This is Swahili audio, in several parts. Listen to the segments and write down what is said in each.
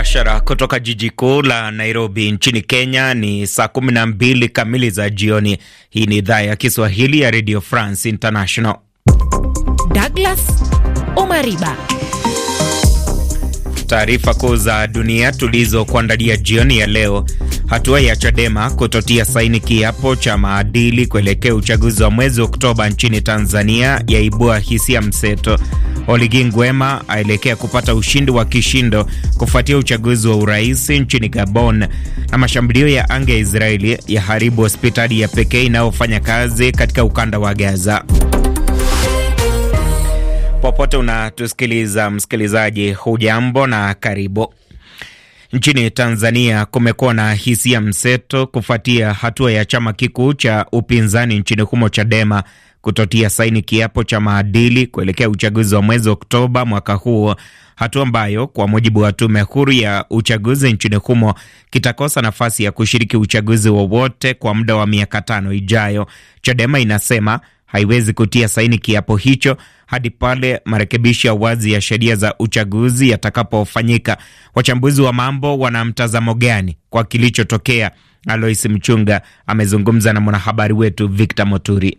mubashara kutoka jiji kuu la Nairobi nchini Kenya. Ni saa 12 kamili za jioni. Hii ni idhaa ya Kiswahili ya Radio France International. Douglas Omariba, taarifa kuu za dunia tulizokuandalia jioni ya leo. Hatua ya Chadema kutotia saini kiapo cha maadili kuelekea uchaguzi wa mwezi Oktoba nchini Tanzania yaibua hisia ya mseto. Oligi Nguema aelekea kupata ushindi wa kishindo kufuatia uchaguzi wa urais nchini Gabon. Na mashambulio ya anga ya Israeli ya haribu hospitali ya pekee inayofanya kazi katika ukanda wa Gaza. Popote unatusikiliza msikilizaji, hujambo na karibu. Nchini Tanzania kumekuwa na hisia mseto kufuatia hatua ya chama kikuu cha upinzani nchini humo Chadema kutotia saini kiapo cha maadili kuelekea uchaguzi wa mwezi Oktoba mwaka huu, hatua ambayo kwa mujibu wa tume huru ya uchaguzi nchini humo kitakosa nafasi ya kushiriki uchaguzi wowote kwa muda wa miaka tano ijayo. Chadema inasema haiwezi kutia saini kiapo hicho hadi pale marekebisho ya wazi ya sheria za uchaguzi yatakapofanyika. Wachambuzi wa mambo wana mtazamo gani kwa kilichotokea? Alois Mchunga amezungumza na mwanahabari wetu Victor Moturi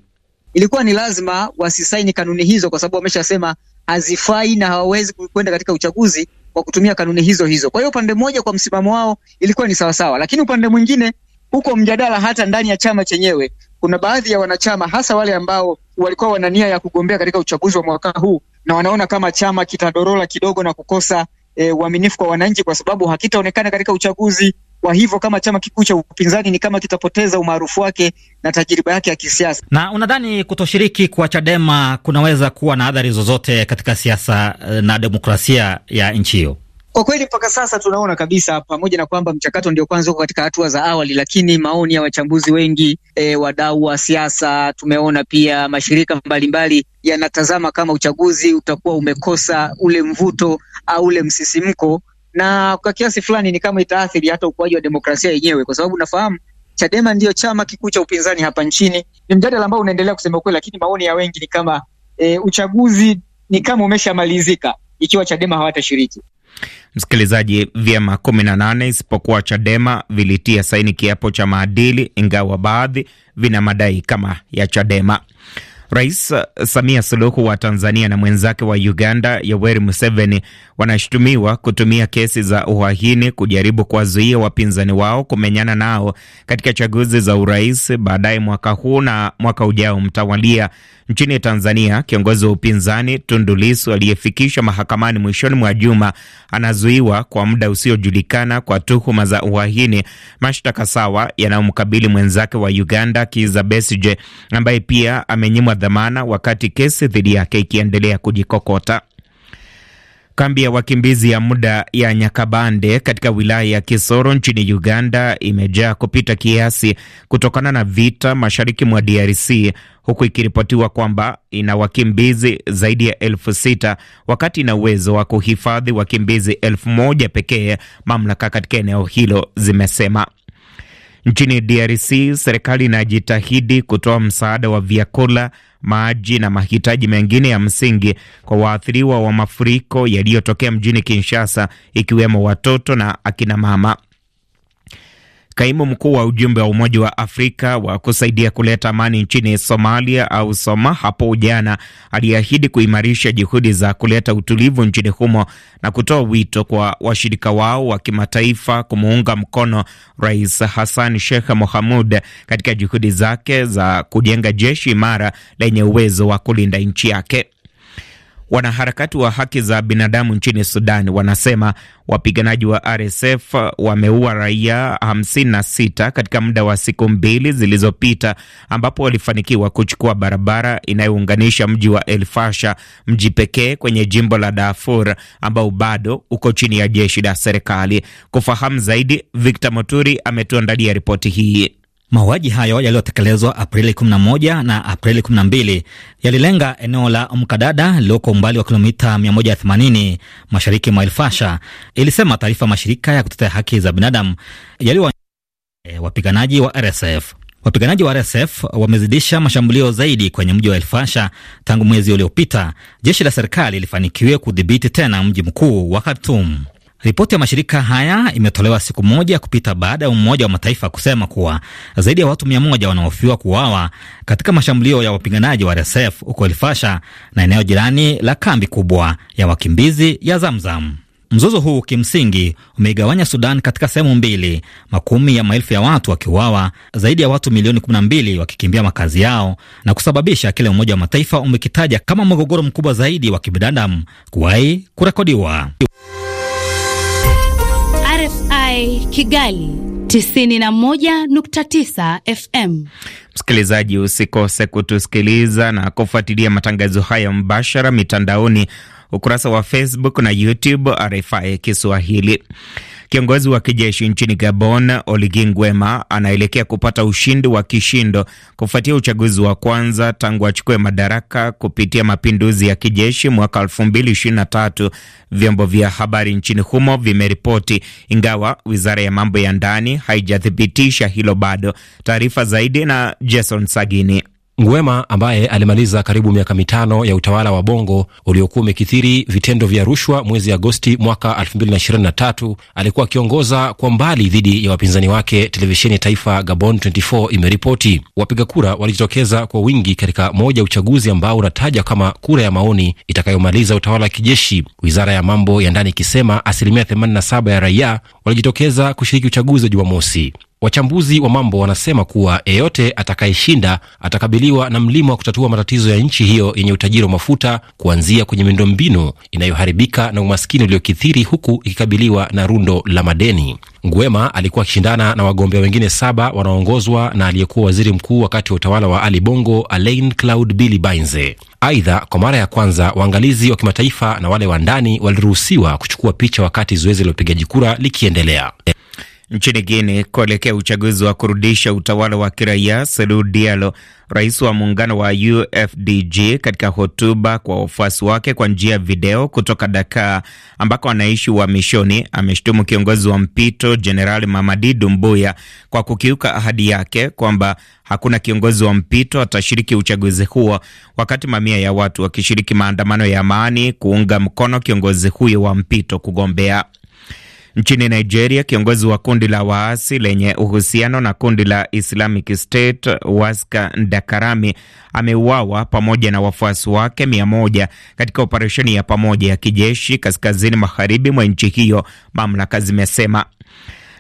ilikuwa ni lazima wasisaini kanuni hizo, kwa sababu wameshasema hazifai na hawawezi kwenda katika uchaguzi kwa kutumia kanuni hizo hizo. Kwa hiyo upande mmoja, kwa msimamo wao ilikuwa ni sawasawa, lakini upande mwingine, huko mjadala hata ndani ya chama chenyewe, kuna baadhi ya wanachama, hasa wale ambao walikuwa wana nia ya kugombea katika uchaguzi wa mwaka huu na wanaona kama chama kitadorola kidogo na kukosa eh, uaminifu e, kwa wananchi, kwa sababu hakitaonekana katika uchaguzi kwa hivyo kama chama kikuu cha upinzani ni kama kitapoteza umaarufu wake na tajriba yake ya kisiasa. Na unadhani kutoshiriki kwa Chadema kunaweza kuwa na adhari zozote katika siasa eh, na demokrasia ya nchi hiyo? Kwa kweli mpaka sasa tunaona kabisa, pamoja na kwamba mchakato ndio kwanza uko katika hatua za awali, lakini maoni ya wachambuzi wengi, e, wadau wa siasa, tumeona pia mashirika mbalimbali yanatazama kama uchaguzi utakuwa umekosa ule mvuto au ule msisimko na kwa kiasi fulani ni kama itaathiri hata ukuaji wa demokrasia yenyewe, kwa sababu nafahamu Chadema ndiyo chama kikuu cha upinzani hapa nchini. Ni mjadala ambao unaendelea kusema kweli, lakini maoni ya wengi ni kama e, uchaguzi ni kama umeshamalizika ikiwa Chadema hawatashiriki. Msikilizaji, vyama kumi na nane isipokuwa Chadema vilitia saini kiapo cha maadili, ingawa baadhi vina madai kama ya Chadema. Rais uh, Samia Suluhu wa Tanzania na mwenzake wa Uganda Yoweri Museveni wanashutumiwa kutumia kesi za uhaini kujaribu kuwazuia wapinzani wao kumenyana nao katika chaguzi za urais baadaye mwaka huu na mwaka ujao mtawalia. Nchini Tanzania, kiongozi wa upinzani Tundu Lissu aliyefikishwa mahakamani mwishoni mwa juma anazuiwa kwa muda usiojulikana kwa tuhuma za uhaini, mashtaka sawa yanayomkabili mwenzake wa Uganda Kizza Besigye ambaye pia amenyimwa dhamana wakati kesi dhidi yake ikiendelea kujikokota. Kambi ya wakimbizi ya muda ya Nyakabande katika wilaya ya Kisoro nchini Uganda imejaa kupita kiasi kutokana na vita mashariki mwa DRC, huku ikiripotiwa kwamba ina wakimbizi zaidi ya elfu sita wakati ina uwezo wa kuhifadhi wakimbizi elfu moja pekee, mamlaka katika eneo hilo zimesema. Nchini DRC serikali inajitahidi kutoa msaada wa vyakula, maji na mahitaji mengine ya msingi kwa waathiriwa wa mafuriko yaliyotokea mjini Kinshasa, ikiwemo watoto na akina mama. Kaimu mkuu wa ujumbe wa Umoja wa Afrika wa kusaidia kuleta amani nchini Somalia au Soma hapo jana aliahidi kuimarisha juhudi za kuleta utulivu nchini humo na kutoa wito kwa washirika wao wa kimataifa kumuunga mkono Rais Hassan Sheikh Mohamud katika juhudi zake za kujenga jeshi imara lenye uwezo wa kulinda nchi yake. Wanaharakati wa haki za binadamu nchini Sudan wanasema wapiganaji wa RSF wameua raia 56 katika muda wa siku mbili zilizopita, ambapo walifanikiwa kuchukua barabara inayounganisha mji wa El Fasha, mji pekee kwenye jimbo la Darfur ambao bado uko chini ya jeshi la serikali. Kufahamu zaidi, Victor Moturi ametuandalia ripoti hii. Mauaji hayo yaliyotekelezwa Aprili 11 na Aprili 12 yalilenga eneo la Mkadada lililoko umbali wa kilomita 180 mashariki mwa Elfasha, ilisema taarifa mashirika ya kutetea haki za binadamu yaliwa eh, wapiganaji wa RSF. Wapiganaji wa RSF wamezidisha mashambulio zaidi kwenye mji wa Elfasha tangu mwezi uliopita. Jeshi la serikali lifanikiwe kudhibiti tena mji mkuu wa Khartum. Ripoti ya mashirika haya imetolewa siku moja kupita baada ya Umoja wa Mataifa kusema kuwa zaidi ya watu mia moja wanahofiwa kuuawa katika mashambulio ya wapiganaji wa RSF huko Elfasha na eneo jirani la kambi kubwa ya wakimbizi ya Zamzam. Mzozo huu kimsingi umeigawanya Sudan katika sehemu mbili, makumi ya maelfu ya watu wakiuawa, zaidi ya watu milioni 12 wakikimbia makazi yao na kusababisha kile Umoja wa Mataifa umekitaja kama mgogoro mkubwa zaidi wa kibinadamu kuwahi kurekodiwa. RFI Kigali 91.9 FM. Msikilizaji, usikose kutusikiliza na kufuatilia matangazo haya mbashara mitandaoni, ukurasa wa Facebook na YouTube RFI Kiswahili. Kiongozi wa kijeshi nchini Gabon, oligi Nguema, anaelekea kupata ushindi wa kishindo kufuatia uchaguzi wa kwanza tangu achukue madaraka kupitia mapinduzi ya kijeshi mwaka 2023, vyombo vya habari nchini humo vimeripoti, ingawa wizara ya mambo ya ndani haijathibitisha hilo bado. Taarifa zaidi na Jason Sagini. Ngwema ambaye alimaliza karibu miaka mitano ya utawala wa Bongo uliokuwa umekithiri vitendo vya rushwa, mwezi Agosti mwaka 2023 alikuwa akiongoza kwa mbali dhidi ya wapinzani wake, televisheni ya taifa Gabon 24 imeripoti. Wapiga kura walijitokeza kwa wingi katika moja ya uchaguzi ambao unataja kama kura ya maoni itakayomaliza utawala wa kijeshi, wizara ya mambo ya ndani ikisema asilimia 87 ya raia walijitokeza kushiriki uchaguzi wa Jumamosi. Wachambuzi wa mambo wanasema kuwa yeyote atakayeshinda atakabiliwa na mlima wa kutatua matatizo ya nchi hiyo yenye utajiri wa mafuta, kuanzia kwenye miundombinu inayoharibika na umaskini uliokithiri, huku ikikabiliwa na rundo la madeni. Nguema alikuwa akishindana na wagombea wengine saba wanaoongozwa na aliyekuwa waziri mkuu wakati wa utawala wa Ali Bongo, Alain Claude Billy Bainze. Aidha, kwa mara ya kwanza waangalizi wa kimataifa na wale wa ndani waliruhusiwa kuchukua picha wakati zoezi la upigaji kura likiendelea. Nchini gini kuelekea uchaguzi wa kurudisha utawala wa kiraia, Selu Dialo, rais wa muungano wa UFDG, katika hotuba kwa wafuasi wake kwa njia ya video kutoka Dakar ambako anaishi uhamishoni, ameshtumu kiongozi wa mpito Jenerali Mamadi Dumbuya kwa kukiuka ahadi yake kwamba hakuna kiongozi wa mpito atashiriki uchaguzi huo, wakati mamia ya watu wakishiriki maandamano ya amani kuunga mkono kiongozi huyo wa mpito kugombea. Nchini Nigeria, kiongozi wa kundi la waasi lenye uhusiano na kundi la Islamic State Waska ndakarami ameuawa pamoja na wafuasi wake mia moja katika operesheni ya pamoja ya kijeshi kaskazini magharibi mwa nchi hiyo, mamlaka zimesema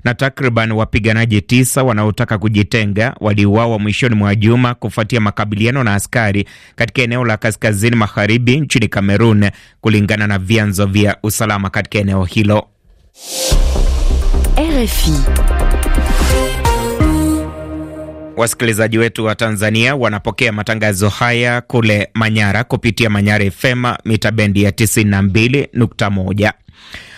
na takriban wapiganaji tisa wanaotaka kujitenga waliuawa mwishoni mwa juma kufuatia makabiliano na askari katika eneo la kaskazini magharibi nchini Kamerun, kulingana na vyanzo vya usalama katika eneo hilo. fille Wasikilizaji wetu wa Tanzania wanapokea matangazo haya kule Manyara kupitia Manyara FM mita bendi ya 92.1.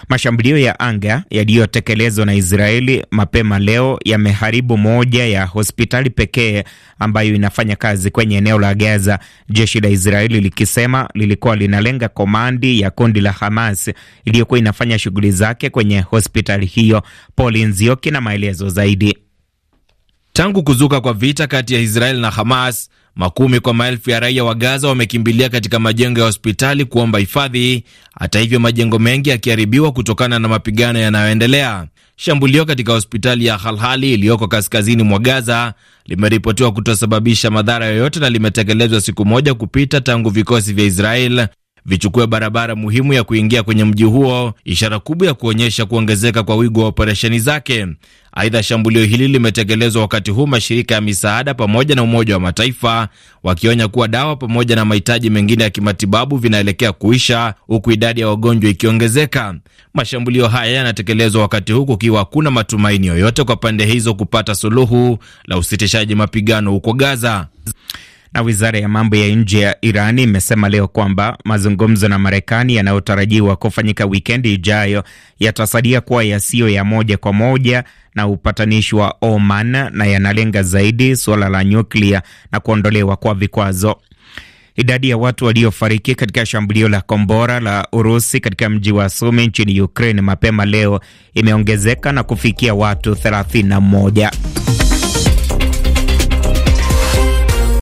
Mashambulio ya anga yaliyotekelezwa na Israeli mapema leo yameharibu moja ya hospitali pekee ambayo inafanya kazi kwenye eneo la Gaza, jeshi la Israeli likisema lilikuwa linalenga komandi ya kundi la Hamas iliyokuwa inafanya shughuli zake kwenye hospitali hiyo. Paul Nzioki na maelezo zaidi. Tangu kuzuka kwa vita kati ya Israel na Hamas, makumi kwa maelfu ya raia wa Gaza wamekimbilia katika majengo ya hospitali kuomba hifadhi. Hata hivyo, majengo mengi yakiharibiwa kutokana na mapigano yanayoendelea. Shambulio katika hospitali ya Halhali iliyoko kaskazini mwa Gaza limeripotiwa kutosababisha madhara yoyote na limetekelezwa siku moja kupita tangu vikosi vya Israel vichukue barabara muhimu ya kuingia kwenye mji huo, ishara kubwa ya kuonyesha kuongezeka kwa wigo wa operesheni zake. Aidha, shambulio hili limetekelezwa wakati huu mashirika ya misaada pamoja na Umoja wa Mataifa wakionya kuwa dawa pamoja na mahitaji mengine ya kimatibabu vinaelekea kuisha, huku idadi ya wagonjwa ikiongezeka. Mashambulio haya yanatekelezwa wakati huu kukiwa hakuna matumaini yoyote kwa pande hizo kupata suluhu la usitishaji mapigano huko Gaza. Na wizara ya mambo ya nje ya Iran imesema leo kwamba mazungumzo na Marekani yanayotarajiwa kufanyika wikendi ijayo yatasadia kuwa yasiyo ya moja kwa moja na upatanishi wa Oman na yanalenga zaidi suala la nyuklia na kuondolewa kwa vikwazo. Idadi ya watu waliofariki katika shambulio la kombora la Urusi katika mji wa Sumi nchini Ukraine mapema leo imeongezeka na kufikia watu 31.